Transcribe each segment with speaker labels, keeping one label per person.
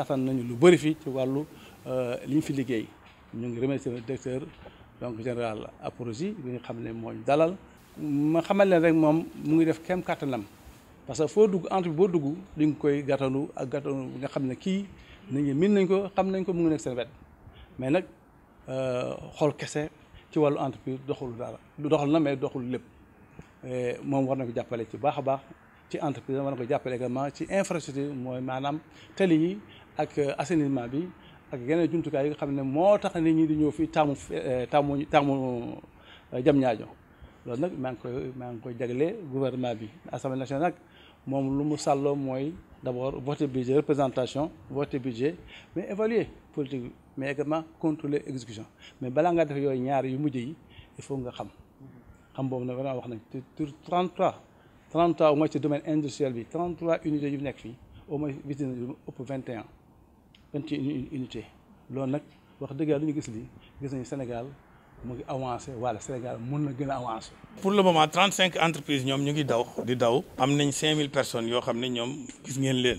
Speaker 1: tatan nañu lu bëri fii ci wàllu euh, li ñu fi liggéey ñu ngi remercier le directeur donc général Aporosi bi nga xam ne mooy dalal ma xamal leen rek moom mu ngi def kem kàttanam parce que foo dugg entre boo dugg di nga koy gàttanu ak gàttanu bi nga xam ne kii nit ñi min nañ ko xam nañ ko mu ngi nekk seen wet mais nag euh, xool kese ci wàllu entreprise doxul dara doxal na mais doxul lépp moom war na ko jàppale ci baax a baax ci entreprise war na ko jàppale également ak euh, assainissement bi ak yeneen jumtukaay yi nga xam ne moo tax nit ñi di ñëw fii taamu euh, taamu taamu euh, jam ñaajo loolu nag maa ngi koy maa ngi koy jagle gouvernement bi assemblée nationale nag moom lu mu sàlloo mooy d'abord voter budget représentation voter budget mais évaluer politique bi mais également contrôler exécution mais balaa nga def yooyu ñaar yu mujj yi il faut nga xam xam boobu nag vraiment wax nañ tur 33 33 au moins ci domaine industriel bi 33 unités yu nekk fii au moins visite na lu ëpp vingt et unité loolu nag wax dëgg yàlla lu ñu gis lii gis nañu Sénégal mu ngi avancé wala Sénégal mën na gën a avancé.
Speaker 2: pour le moment trente cinq entreprise ñoom ñu ngi daw di daw am nañ cinq mille personnes yoo xam ne ñoom gis ngeen leen.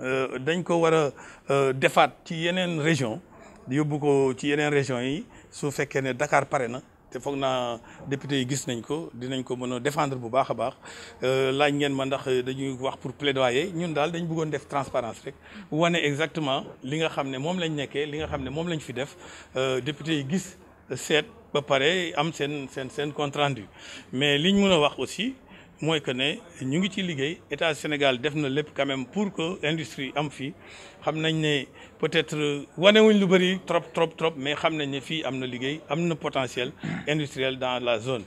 Speaker 2: Euh, dañ ko war a euh, defaat ci yeneen région yóbbu ko ci yeneen région yi su fekkee ne Dakar pare na te foog naa député yi gis nañ ko dinañ ko mën a défendre bu baax a baax euh, laaj ngeen ma ndax dañuy wax pour plaidoyer ñun daal dañ bëggoon def transparence rek wane exactement li nga xam ne moom lañ nekkee li nga xam ne moom lañ fi def député yi gis seet ba pare am seen seen seen compte rendu mais liñ mën a wax aussi moy que né ñu ngi ci liggéey état Sénégal def na lépp quand même pour que industrie am fi xam nañ peut-être wané wuñ lu bari trop trop trop mais xam nañ ne fii am liggéey potentiel industriel dans la zone.